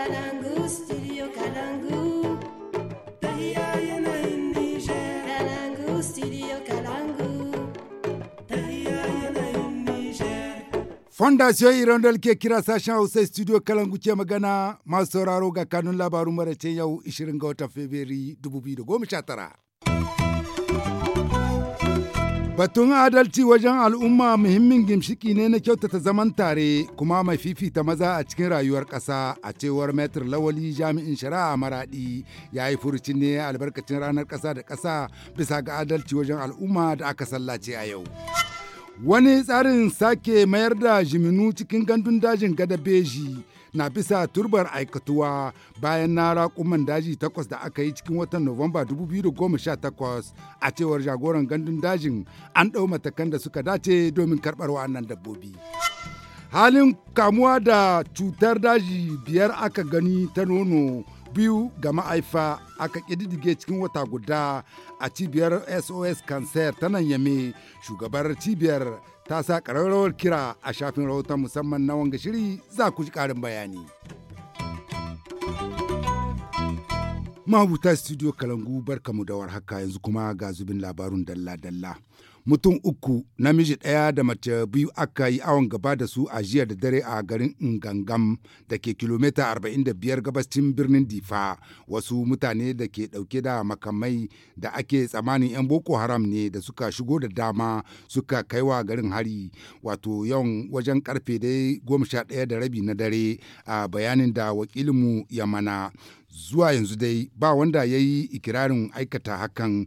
Kalangu, studio Kalangu. Fondation Hirondelle ke kira sashen Hausa studio Kalangu ke magana masu sauraro ga kanun labarun marace yau 20 ga watan Fabrairu 2019. Batun adalci wajen al'umma muhimmin gimshiki ne na kyautata zaman tare kuma mai fifita maza a cikin rayuwar ƙasa a cewar Metr Lawali jami'in shari'a maraɗi ya yi furuci ne albarkacin ranar ƙasa da ƙasa bisa ga adalci wajen al'umma da aka sallace a yau. Wani tsarin sake mayar da jiminu cikin gandun dajin gada beji na bisa turbar aikatuwa bayan na raƙuman daji takwas da aka yi cikin watan Nuwamba 2018 a cewar jagoran gandun dajin an ɗau matakan da suka dace domin karɓar wa'annan dabbobi. Halin kamuwa da cutar daji biyar aka gani ta nono biyu ga ma'aifa aka kididige cikin wata guda a cibiyar sos cancer ta nan yame shugabar cibiyar ta sa ƙararrawar kira a shafin rahoton musamman na wanga shiri za ku ji ƙarin bayani. Mahabuta studio kalangu barkamu da haka yanzu kuma ga zubin labarun dalla-dalla mutum uku namiji ɗaya da mace biyu aka yi awon gaba da su a jiya da dare a garin ngangam da ke kilomita 45 gabashin birnin difa wasu mutane da ke ɗauke da makamai da ake tsamanin 'yan boko haram ne da suka shigo da dama suka kaiwa garin hari wato yawan wajen karfe dai goma sha ɗaya da rabi na dare a bayanin da wakilinmu ya mana zuwa yanzu dai ba wanda ya yi ikirarin aikata hakan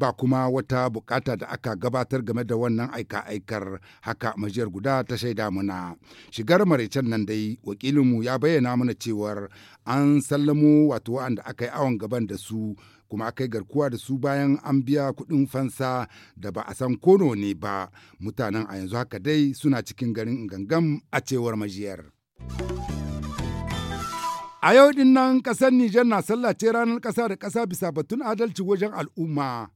ba kuma wata bukata da aka gabatar game da wannan aika-aikar haka majiyar guda ta shaida muna shigar maraicen nan dai wakilinmu ya bayyana mana cewar an sallamo wato wa'anda aka yi awon gaban da su kuma aka yi garkuwa da su bayan an biya kuɗin fansa da ba a san kono ne ba mutanen a yanzu haka dai suna cikin garin gangan a cewar majiyar. A yau ɗin nan ƙasar Nijar na sallace ranar ƙasa da ƙasa bisa batun adalci wajen al'umma.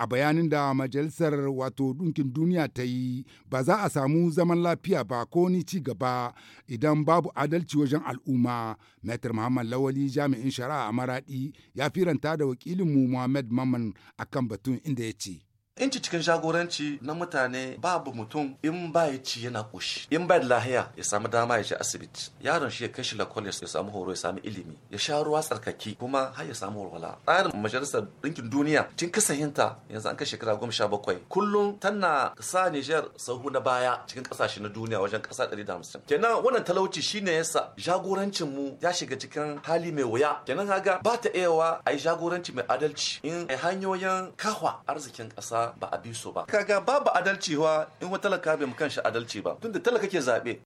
a bayanin da majalisar wato ɗinkin duniya ta yi ba za a samu zaman lafiya ba ko ni ci gaba idan babu adalci wajen al'umma maitar muhammad lawali jami'in shari'a a maraɗi ya firanta da wakilin mu muhammad maman akan batun inda ya ce inci cikin jagoranci na mutane babu mutum in ba ya ci yana ƙushi. in ba da lahiya ya samu dama ya je asibiti yaron shi ya kashi la ya samu horo ya samu ilimi ya sha ruwa tsarkaki kuma har ya samu walwala tsarin majalisar ɗinkin duniya tun kasahinta yanzu an kai shekara goma sha bakwai kullum tana sa Niger sahu na baya cikin ƙasashe na duniya wajen ƙasa ɗari da hamsin kenan wannan talauci shine yasa jagorancin mu ya shiga cikin hali mai wuya kenan haga ba ta wa a yi jagoranci mai adalci in a hanyoyin kawa arzikin ƙasa ba a bi su ba kaga babu adalci wa in wa talaka bai mu shi adalci ba tunda talaka ke zabe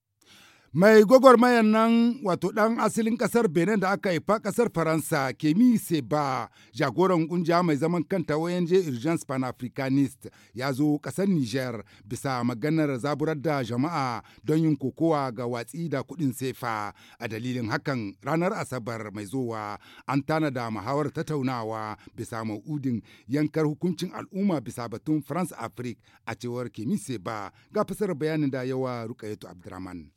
Mai gwagwarmayan nan wato ɗan asalin ƙasar Benin da aka haifa ƙasar Faransa Kemi Seba jagoran kungiya mai zaman kanta ONG Urgence Panafricanist ya zo ƙasar Niger bisa maganar zaburar da jama'a don yin kokowa ga watsi da kuɗin sefa a dalilin hakan ranar Asabar mai zowa an tanada muhawar tattaunawa bisa ma'udin yankar hukuncin al'umma bisa batun France Afrique a cewar Kemi Seba ga fasar bayanin da yawa Rukayatu Abdurrahman.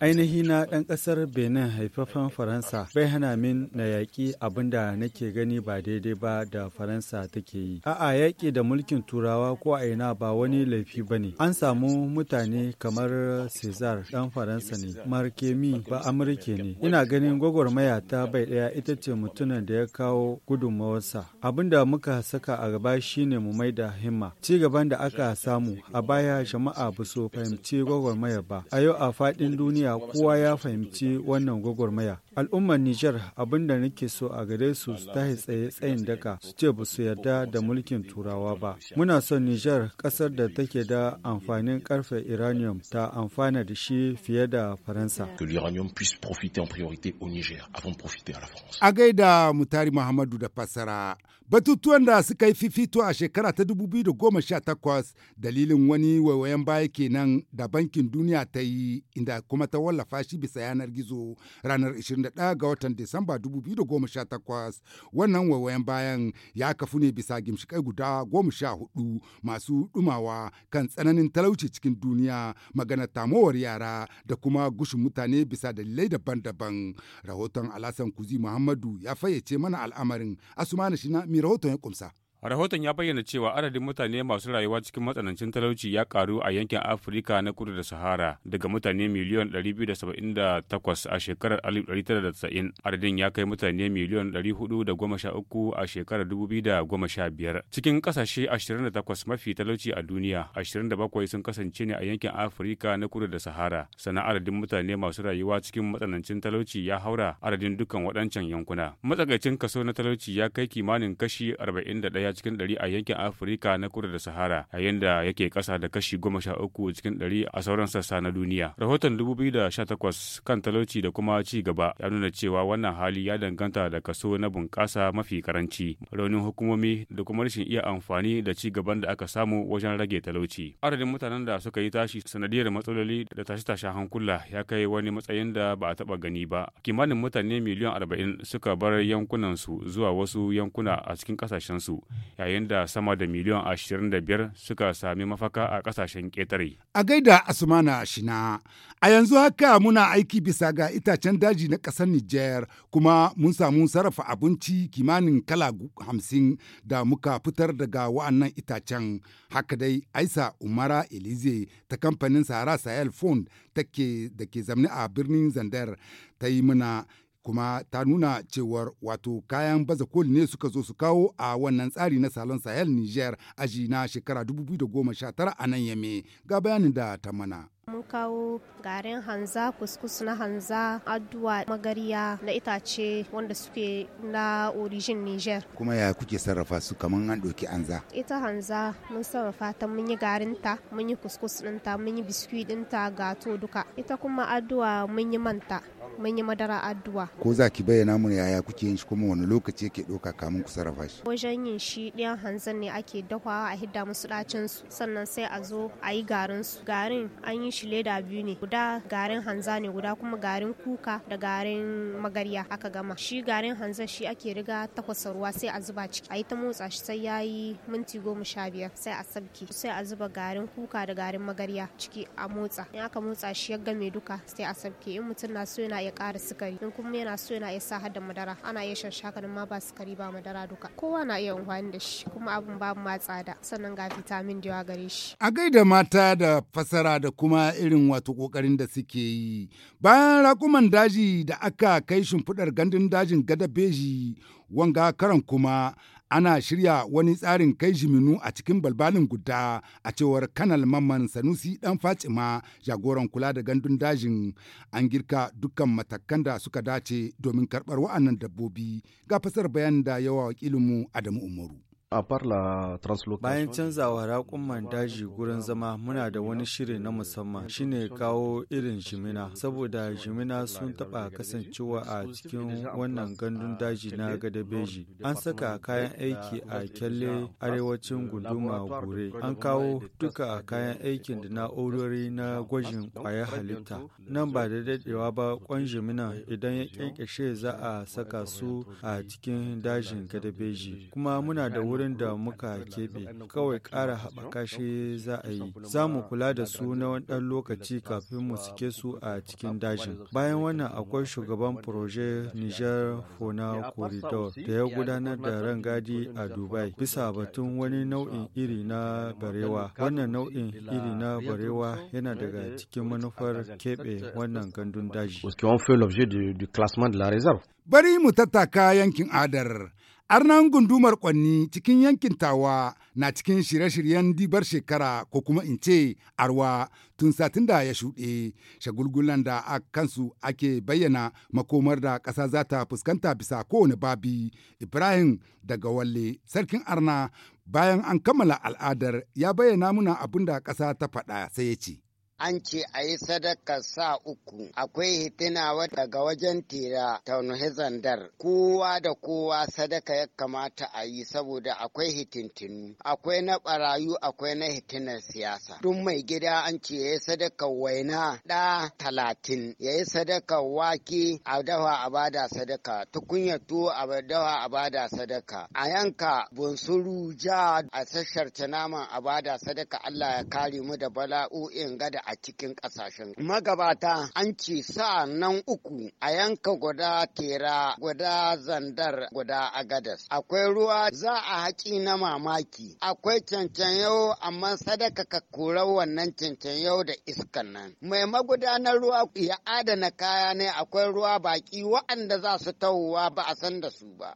Ainihi na ɗan ƙasar Benin haifafen Faransa bai hana min na yaƙi abin da nake gani ba daidai ba da Faransa take yi. A'a yaƙi da mulkin Turawa ko a ina ba wani laifi ba ne. An samu mutane kamar Cesar ɗan Faransa ne, Markemi ba Amurke ne. Ina ganin gwagwarmaya ta bai ɗaya ita ce mutumin da ya kawo gudunmawarsa. Abin da muka saka a gaba shine mu maida himma. Ci gaban da aka samu a baya jama'a ba so fahimci gwagwarmaya gwagwarmayar ba a yau a faɗin duniya kowa ya fahimci wannan gwagwarmaya al'ummar niger abin da nake so a gare su su tahi tsaye tsayin daka su ce ba su yarda da mulkin turawa ba muna son niger ƙasar da take da amfanin karfe iranium ta amfana da shi fiye da faransa a gaida mutari muhammadu da fassara batutuwan da suka yi fifito a shekara ta 2018 dalilin wani waiwayen baya kenan da bankin duniya ta yi inda kuma ta wallafa shi bisa yanar gizo ranar 21 ga watan Disamba 2018 wannan waiwayan bayan ya kafu ne bisa gimshikai guda 14 masu dumawa kan tsananin talauci cikin duniya magana tamowar yara da kuma gushin mutane bisa dalilai daban-daban rahoton alasan kuzi muhammadu ya fayyace mana al'amarin asumana shi na mi rahoton ya kumsa. Rahoton ya bayyana cewa adadin mutane masu rayuwa cikin matsanancin talauci ya karu a yankin Afirka na kudu da Sahara daga mutane miliyon 278 a shekarar 1990 adadin ya kai mutane miliyon 413 a shekarar 2015. Cikin kasashe 28 mafi talauci a duniya, 27 sun kasance ne a yankin Afirka na kudu da Sahara. Sannan adadin mutane masu rayuwa cikin matsanancin talauci ya haura adadin dukkan waɗancan yankuna. Matsakaicin kaso na talauci ya kai kimanin kashi 41 cikin ɗari a yankin Afirka na kudu da Sahara, yayin da yake ƙasa da kashi goma sha uku cikin ɗari a sauran sassa na duniya. Rahoton dubu biyu da sha takwas kan talauci da kuma ci gaba ya nuna cewa wannan hali ya danganta da kaso na bunƙasa mafi karanci, raunin hukumomi da kuma rashin iya amfani da ci gaban da aka samu wajen rage talauci. Adadin mutanen da suka yi tashi sanadiyar matsaloli da tashe-tashen hankula ya kai wani matsayin da ba a taɓa gani ba. Kimanin mutane miliyan arba'in suka bar yankunansu zuwa wasu yankuna a cikin ƙasashensu yayin da sama da miliyan 25 suka sami mafaka a kasashen ƙetare. A gaida Asmana Shina, a yanzu haka muna aiki bisa ga itacen daji na ƙasar Nijar kuma mun samu sarrafa abinci kimanin kala hamsin da muka fitar daga wa'annan itacen. Haka dai Aisa Umara Elize ta kamfanin Sahara Sahel Fund take da ke zamani a birnin Zandar ta yi mana kuma ta nuna cewar wato kayan baza koli ne suka zo su kawo a wannan tsari na salon sahel niger aji na shekara 2019 a nan yame ga bayanin da ta mana mun kawo garin hanza kuskus na hanza addu'a magariya na itace wanda suke na origin niger kuma ya kuke sarrafa su kaman an ɗauki hanza ita hanza mun sarrafa ta mun yi garin ta mun yi kuskus ɗinta mun yi biskuit ɗinta gato duka ita kuma addu'a mun yi manta mun yi madara addu'a ko za ki bayyana mu yaya kuke yin shi kuma wani lokaci yake ɗauka kamun ku sarrafa shi wajen yin shi ɗayan hanzan ne ake dafawa a hidda musu ɗacin su sannan sai a zo a yi garin su garin an yi shi leda biyu ne guda garin hanza ne guda kuma garin kuka da garin magarya aka gama shi garin hanzan shi ake riga takwasa ruwa sai a zuba ciki a yi ta motsa shi sai ya yi minti goma sha biyar sai a sabki sai a zuba garin kuka da garin magarya ciki a motsa in aka motsa shi ya game duka sai a sabke in mutum na so yana iya ƙara sukari in kuma yana so yana iya sa har da madara ana iya shan shakanin ma ba sukari ba madara duka kowa na iya amfani da shi kuma abin babu ma tsada sannan ga vitamin da yawa gare shi a gaida mata da fasara da kuma irin wato kokarin da suke yi bayan rakuman daji da aka kai shimfiɗar gandun dajin gada beji wanga karan kuma ana shirya wani tsarin kai jiminu a cikin balbalin guda a cewar kanal mamman sanusi dan fatima jagoran kula da gandun dajin an girka dukkan matakan da suka dace domin karbar wa'annan dabbobi ga fasar bayan da yawa wakilinmu adamu umaru a farla translocation bayan canzawa raƙuman daji gurin zama muna da wani shiri na musamman shine kawo irin jimina saboda jimina sun taɓa kasancewa a cikin wannan gandun daji na gadabeji an saka kayan aiki a kyalle arewacin gunduma gure an kawo duka kayan aikin da na'urori na gwajin kwayar halitta nan ba da daɗewa ba kwan jimina idan ya ƙyanƙyashe za a saka su a cikin dajin beji kuma muna da wurin wurin da muka keɓe kawai ƙara haɓaka shi za a yi za mu kula da su na wani ɗan lokaci kafin mu sike su a cikin dajin bayan wannan akwai shugaban proje niger fona corridor da ya gudanar da rangadi a dubai bisa batun wani nau'in iri na barewa wannan nau'in iri na barewa yana daga cikin manufar keɓe wannan gandun daji bari mu tattaka yankin adar Arnan gundumar kwanni cikin yankin tawa na cikin shirye-shiryen dibar shekara ko kuma in ce arwa tun satin da ya shuɗe shagulgulan da a kansu ake bayyana makomar da ƙasa za ta fuskanta bisa kowane babi ibrahim daga walle sarkin arna bayan an kammala al'adar ya bayyana muna abin da ƙasa ta faɗa sai ya ce an ce a yi sadaka sa uku akwai hitina daga wajen tera taunu zandar kowa da kowa sadaka ya kamata a yi saboda akwai hitintinu akwai na barayu akwai na hitinar siyasa duk mai gida an ce ya yi sadaka waina ɗa talatin ya yi sadaka wake a dawa a bada sadaka tukunya tuwo a dawa a bada sadaka a yanka bunsuru ja a sasharta naman a bada sadaka Allah ya kare mu da bala'o'in gada a cikin ƙasashen. Magabata an ce sa nan uku a yanka guda tera guda zandar guda agadas. Akwai ruwa za a haƙi na mamaki. Akwai cancan yau amma sadaka ka kura wannan cancan yau da iskan nan. Mai magudanar ruwa ya adana kaya ne akwai ruwa baki waɗanda za su tahowa ba a san da su ba.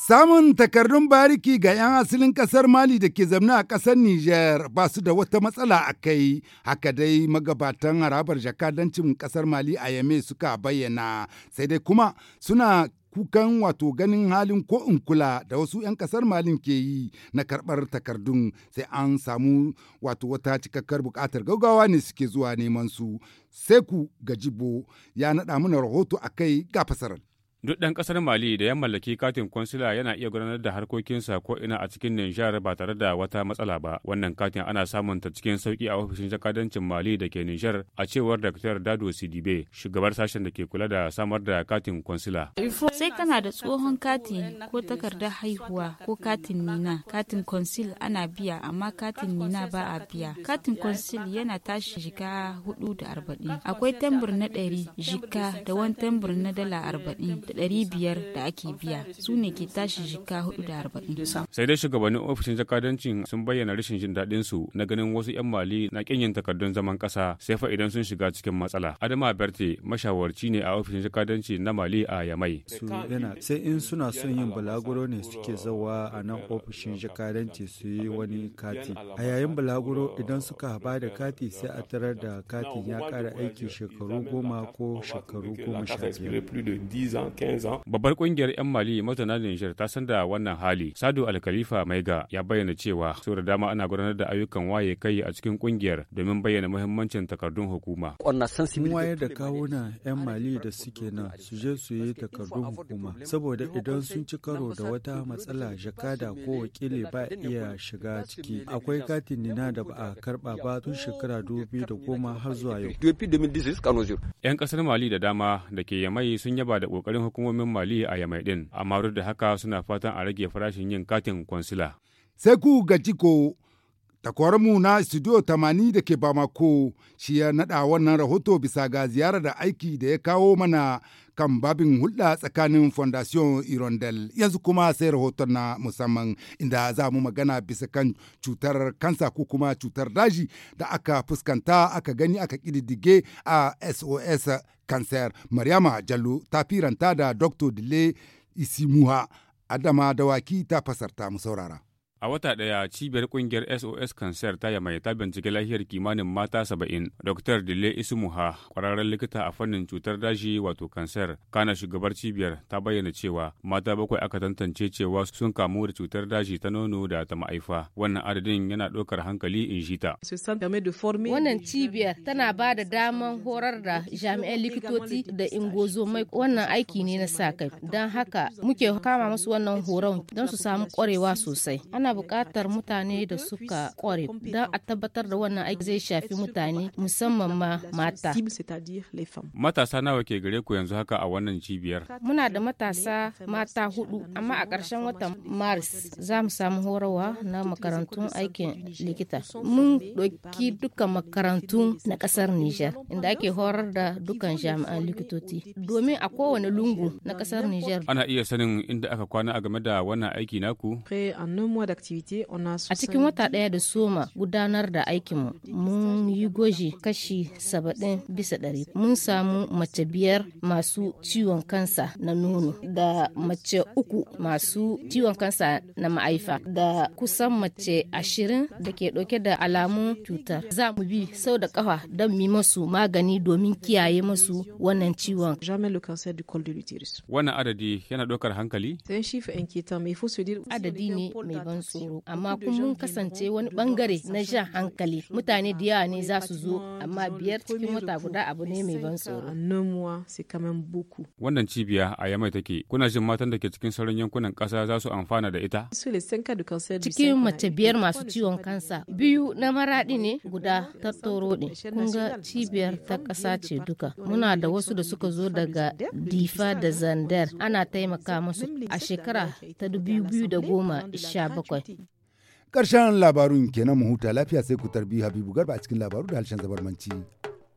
Samun takardun bariki ga 'yan asalin ƙasar Mali da ke zamna a ƙasar Nijar ba su da wata matsala a kai, haka dai magabatan harabar jakadancin ƙasar Mali a Yame suka bayyana, sai dai kuma suna kukan wato ganin halin ko in kula da wasu 'yan kasar malin ke yi na karɓar takardun sai an samu wato wata cikakkar buƙatar gaugawa ne suke zuwa neman su sai ku gajibo ya naɗa mana rahoto a kai ga fasarar Duk ɗan ƙasar Mali da ya mallaki katin kwansila yana iya gudanar da harkokinsa ko ina a cikin Nijar ba tare da wata matsala ba. Wannan katin ana samun ta cikin sauƙi a ofishin jakadancin Mali da ke Nijar a cewar Dr. Dado Sidibe, shugabar sashen da ke kula da samar da katin kwansila. Sai kana da tsohon katin ko takardar haihuwa ko katin nina. Katin kwansil ana biya amma katin nina ba a biya. Katin kwansil yana tashi jika hudu da arba'in. Akwai tambur na ɗari, jika da wani tambur na dala arba'in. 500 da ake biya su ne ke tashi jika 440. Sai dai shugabannin ofishin jakadancin sun bayyana rashin jin daɗin su na ganin wasu 'yan Mali na ƙin yin takardun zaman ƙasa sai fa idan sun shiga cikin matsala. Adama Berte mashawarci ne a ofishin jakadanci na Mali a Yamai. Su sai in suna son yin balaguro ne suke zawa a nan ofishin jakadanci su yi wani kati. A yayin balaguro idan suka ba da kati sai a tarar da katin ya ƙara aiki shekaru goma ko shekaru goma sha biyar. Babbar kungiyar 'yan Mali mazauna Nijar ta sanda wannan hali. Sadu Alkalifa Maiga ya bayyana cewa sau da dama ana gudanar da ayyukan waye kai a cikin kungiyar domin bayyana muhimmancin takardun hukuma. Mun wayar da kawuna 'yan Mali da suke nan su je su yi takardun hukuma saboda idan sun ci karo da wata matsala jakada ko wakili ba iya shiga ciki. Akwai katin nina da ba a karba ba tun shekara dubi da goma har zuwa yau. 'Yan kasar Mali da dama da ke yamai sun yaba da kokarin hukumomin Mali a Yamai din, amma duk da haka suna fatan a rage farashin yin katin kwansila. Sai ku gaji ko mu na Studio 80 da ke Bamako shi ya naɗa wannan rahoto bisa ga ziyarar da aiki da ya kawo mana kan babin hulɗa tsakanin Fondation Irondel. Yanzu kuma sai rahoton na musamman inda za mu magana bisa kan cutar kansa ko kuma cutar daji da aka fuskanta aka gani aka ƙididdige a SOS Cancer. Maryama Jallo ta firanta da Dr. Dile Isimuha. Adama Dawaki ta fasarta mu saurara. A wata ɗaya cibiyar ƙungiyar SOS Cancer ta yamai ta bincike lafiyar kimanin mata saba'in. Dr. Dile Isumuha, ƙwararren likita a fannin cutar daji wato kansar, kana shugabar cibiyar ta bayyana cewa mata bakwai aka tantance cewa sun kamu da cutar daji ta nono da ta ma'aifa. Wannan adadin yana ɗaukar hankali in shi ta. Wannan cibiyar tana ba da daman horar da jami'an likitoci da ingozo mai wannan aiki ne na sa kai. Don haka muke kama musu wannan horon don su samu ƙwarewa sosai. Ana ana buƙatar mutane da suka ƙware don a tabbatar da wannan aiki zai shafi mutane musamman ma mata. Matasa nawa ke gare ku yanzu haka a wannan cibiyar? Muna da matasa mata hudu amma a ƙarshen watan Maris za mu samu horarwa na makarantun aikin likita. Mun ɗauki dukkan makarantu na ƙasar Nijar inda ake horar da dukkan jami'an likitoci domin a kowane lungu na ƙasar Nijar. Ana iya sanin inda aka kwana a game da wannan aiki naku? A cikin wata ɗaya da soma gudanar da aikinmu mun yi goji kashi saba'in bisa ɗari. Mun samu mace biyar masu ciwon kansa na nono da mace uku masu ciwon kansa na ma'aifa da kusan mace ashirin da ke ɗauke da alamun cutar. Za mu bi sau da ƙafa don mi masu magani domin kiyaye masu wannan ciwon. Wannan adadi yana ɗaukar hankali? Adadi ne mai ban tsoro amma kun mun kasance wani bangare na jan hankali mutane da yawa ne za su zo amma biyar cikin wata guda abu ne mai ban tsoro wannan cibiya a yamai take kuna jin matan da ke cikin sauran yankunan kasa za su amfana da ita cikin mace biyar masu ciwon kansa biyu na maradi ne guda tattoro ne kun ga cibiyar ta kasa ce duka muna da wasu da suka zo daga difa da zandar ana taimaka musu a shekara ta 2017 Karshen Ƙarshen labarun kenan mu huta lafiya sai ku tarbi Habibu Garba a cikin labaru da harshen zabarmanci.